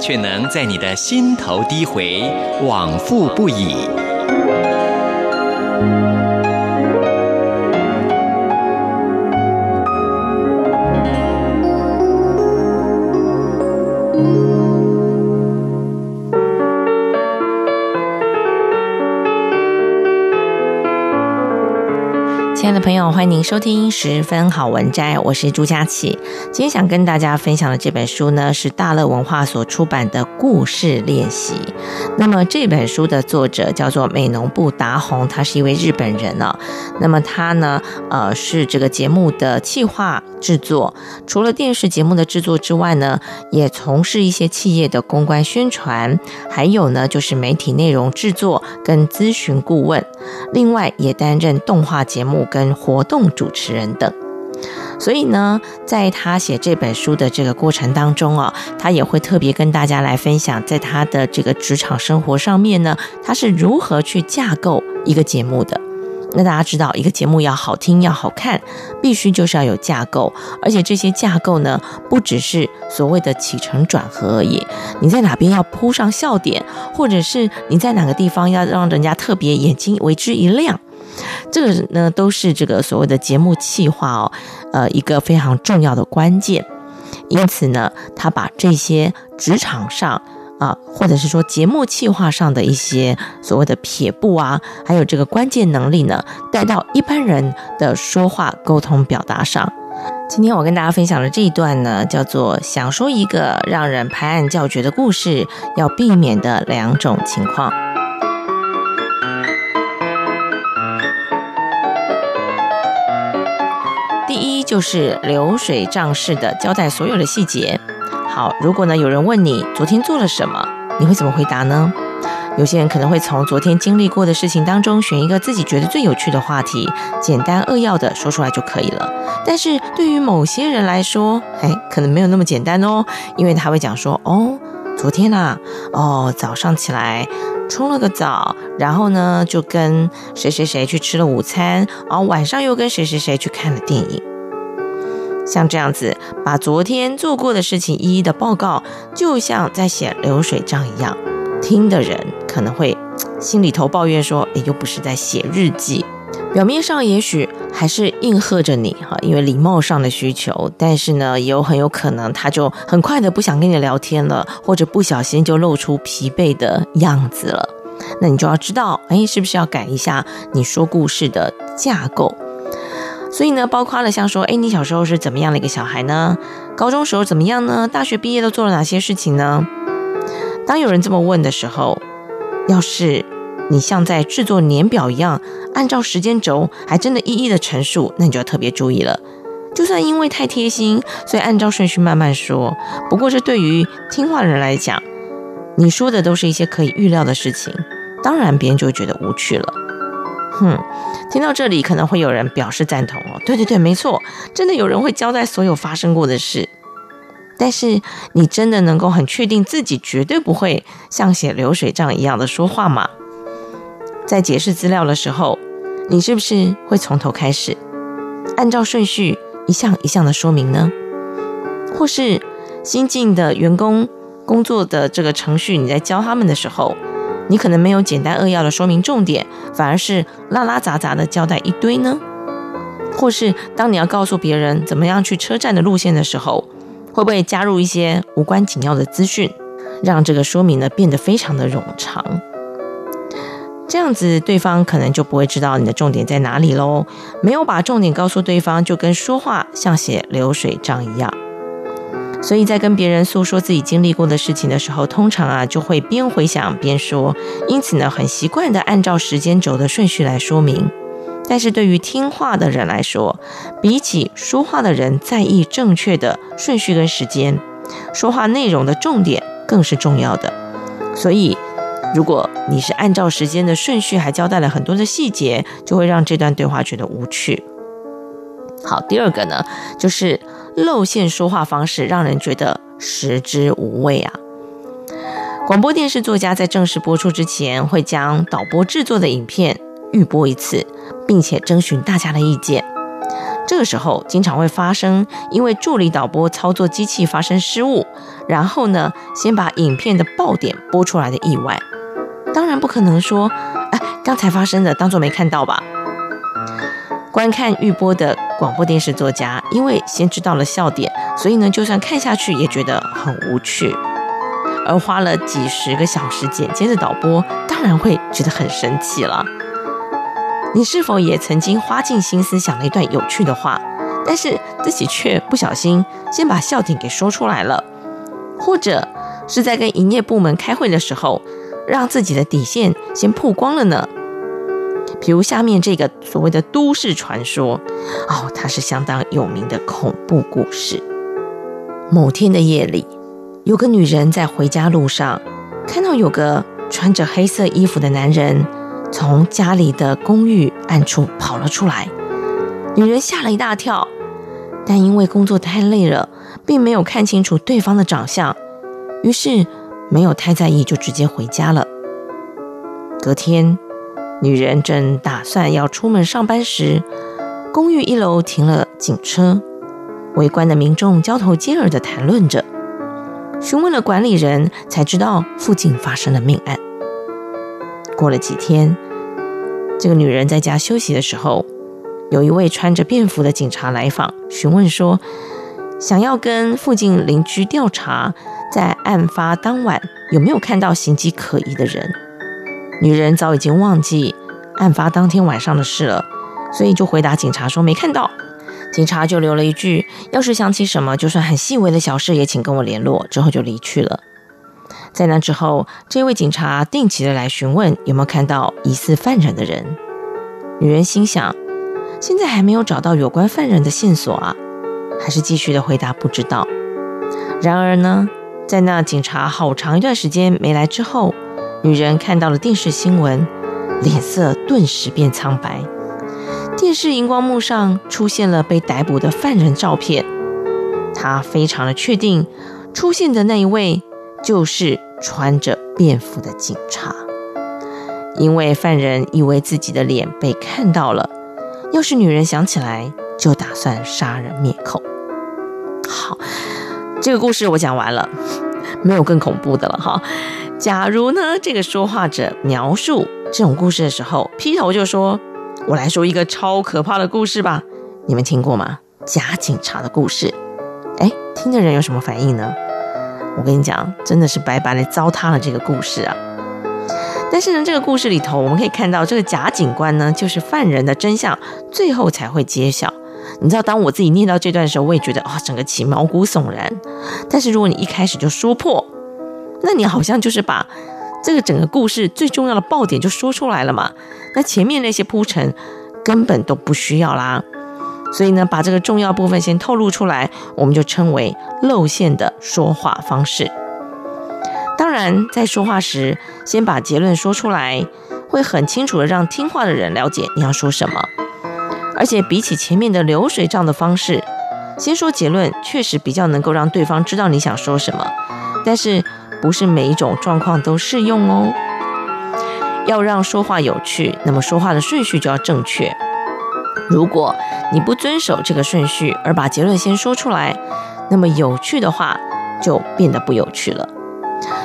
卻能在你的心頭低回，往復不已。親愛的朋友，歡迎收聽《十分好文摘》，我是朱佳琪。今天想跟大家分享的這本書呢，是大樂文化所出版的《故事練習》。那麼這本書的作者叫做美濃部達宏，他是一位日本人呢、哦。那麼他呢，呃，是這個節目的企劃製作。除了電視節目的製作之外呢，也從事一些企業的公關宣傳，還有呢，就是媒體內容製作跟諮詢顧問。另外，也擔任動畫節目跟活。活動主持人等，所以呢，在他寫這本書的這個過程當中啊、哦，他也會特別跟大家來分享，在他的這個職場生活上面呢，他是如何去架構一個節目的。那大家知道，一個節目要好聽，要好看，必須就是要有架構，而且這些架構呢，不只是所謂的起承轉合而已。你在哪邊要鋪上笑點，或者是你在哪個地方要讓人家特別眼睛為之一亮。這個呢，都是這個所謂的節目企劃哦，呃，一個非常重要的關鍵。因此呢，他把這些職場上啊、呃，或者是說節目企劃上的一些所謂的撇步啊，還有這個關鍵能力呢，帶到一般人的說話、溝通、表達上。今天我跟大家分享的這一段呢，叫做想說一個讓人拍案叫絕的故事，要避免的兩種情況。就是流水賬式的交代所有的細節。好，如果呢，有人問你昨天做了什麼，你會怎麼回答呢？有些人可能會從昨天經歷過的事情當中選一個自己覺得最有趣的話題，簡單扼要的說出來就可以了。但是對於某些人來說，哎，可能沒有那麼簡單哦，因為他會講說，哦，昨天吶、啊，哦，早上起來沖了個澡，然後呢就跟誰誰誰去吃了午餐，哦，晚上又跟誰誰誰去看了電影。像這樣子，把昨天做過的事情，一一的報告，就像在寫流水賬一樣。聽的人可能會心裡頭抱怨說：“哎，又不是在寫日記。”表面上也許還是應和着你哈，因為禮貌上的需求。但是呢，也有很有可能他就很快的不想跟你聊天了，或者不小心就露出疲憊的樣子了。那你就要知道，哎，是不是要改一下你說故事的架構？所以呢，包括了像說，哎，你小時候是怎麼樣的一個小孩呢？高中時候怎麼樣呢？大學畢業都做了哪些事情呢？當有人這麼問的時候，要是你像在製作年表一樣，按照時間軸，還真的一一的陳述，那你就要特別注意了。就算因為太貼心，所以按照順序慢慢說，不過這對於聽話人來講，你說的都是一些可以預料的事情，當然別人就覺得無趣了。哼，聽到這裡可能會有人表示贊同哦。對對對，沒錯，真的有人會交代所有發生過的事。但是，你真的能夠很確定自己絕對不會像寫流水賬一樣的說話嗎？在解釋資料的時候，你是不是會從頭開始，按照順序一項一項的說明呢？或是新進的員工工作的這個程序，你在教他們的時候？你可能沒有簡單扼要的說明重點，反而是拉拉雜雜的交代一堆呢？或是當你要告訴別人怎麼樣去車站的路線的時候，會不會加入一些無關緊要的資訊，讓這個說明呢變得非常的冗長？這樣子對方可能就不會知道你的重點在哪裡嘍，沒有把重點告訴對方，就跟說話像寫流水賬一樣。所以在跟別人訴說自己經歷過的事情的時候，通常啊就會邊回想邊說，因此呢很習慣的按照時間軸的順序來說明。但是對於聽話的人來說，比起說話的人在意正確的順序跟時間，說話內容的重點更是重要的。所以如果你是按照時間的順序還交代了很多的細節，就會讓這段對話覺得無趣。好，第二個呢就是。露餡說話方式讓人覺得食之無味啊！廣播電視作家在正式播出之前，會將導播製作的影片預播一次，並且徵詢大家的意見。這個時候，經常會發生因為助理導播操作機器發生失誤，然後呢，先把影片的爆點播出來的意外。當然不可能說，哎、啊，剛才發生的當做沒看到吧。觀看預播的廣播電視作家，因為先知道了笑點，所以呢，就算看下去也覺得很無趣；而花了幾十個小時剪接的導播，當然會覺得很神奇了。你是否也曾經花盡心思想了一段有趣的話，但是自己卻不小心先把笑點給說出來了？或者是在跟營業部門開會的時候，讓自己的底線先曝光了呢？比如下面這個所謂的都市傳說，哦，它是相當有名的恐怖故事。某天的夜裡，有個女人在回家路上，看到有個穿着黑色衣服的男人從家裡的公寓暗處跑了出來。女人嚇了一大跳，但因為工作太累了，並沒有看清楚對方的長相，於是沒有太在意，就直接回家了。隔天，女人正打算要出門上班時，公寓一樓停了警車，圍觀的民眾交頭接耳地談論着。詢問了管理人，才知道附近發生了命案。過了幾天，這個女人在家休息的時候，有一位穿着便服的警察來訪，詢問說，想要跟附近鄰居調查，在案發當晚有沒有看到形跡可疑的人。女人早已經忘記案發當天晚上的事了，所以就回答警察說沒看到。警察就留了一句：“要是想起什麼，就算很細微的小事，也請跟我聯絡。”之後就離去了。在那之後，這位警察定期的來詢問有沒有看到疑似犯人的人。女人心想：現在還沒有找到有關犯人的線索啊，還是繼續的回答不知道。然而呢，在那警察好長一段時間沒來之後，女人看到了電視新聞，臉色頓時變蒼白。電視熒光幕上出現了被逮捕的犯人照片，她非常的確定，出現的那一位就是穿着便服的警察。因為犯人以為自己的臉被看到了，要是女人想起來，就打算殺人滅口。好，這個故事我講完了，沒有更恐怖的了哈。假如呢，這個說話者描述這種故事的時候，劈頭就說：“我來說一個超可怕的故事吧，你們聽過嗎？假警察的故事。”哎，聽的人有什麼反應呢？我跟你講，真的是白白的糟蹋了這個故事啊。但是呢，這個故事裡頭，我們可以看到這個假警官呢，就是犯人的真相，最後才會揭曉。你知道，當我自己念到這段的時候，我也覺得啊、哦，整個起毛骨悚然。但是如果你一開始就說破，那你好像就是把這個整個故事最重要的爆點就說出來了嘛？那前面那些鋪陳根本都不需要啦。所以呢，把這個重要部分先透露出來，我們就稱為露餡的說話方式。當然，在說話時先把結論說出來，會很清楚的讓聽話的人了解你要說什麼。而且比起前面的流水賬的方式，先說結論確實比較能夠讓對方知道你想說什麼。但是。不是每一種狀況都適用哦。要讓說話有趣，那麼說話的順序就要正確。如果你不遵守這個順序，而把結論先說出來，那麼有趣的話就變得不有趣了。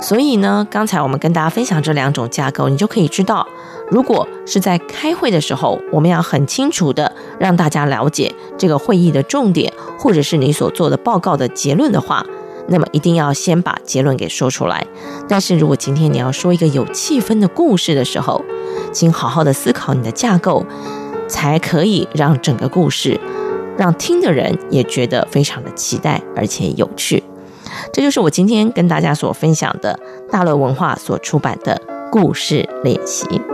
所以呢，剛才我們跟大家分享這兩種架構，你就可以知道，如果是在開會的時候，我們要很清楚的讓大家了解這個會議的重點，或者是你所做的報告的結論的話。那麼一定要先把結論給說出來。但是如果今天你要說一個有氣氛的故事的時候，請好好的思考你的架構，才可以讓整個故事，讓聽的人也覺得非常的期待而且有趣。這就是我今天跟大家所分享的大樂文化所出版的故事練習。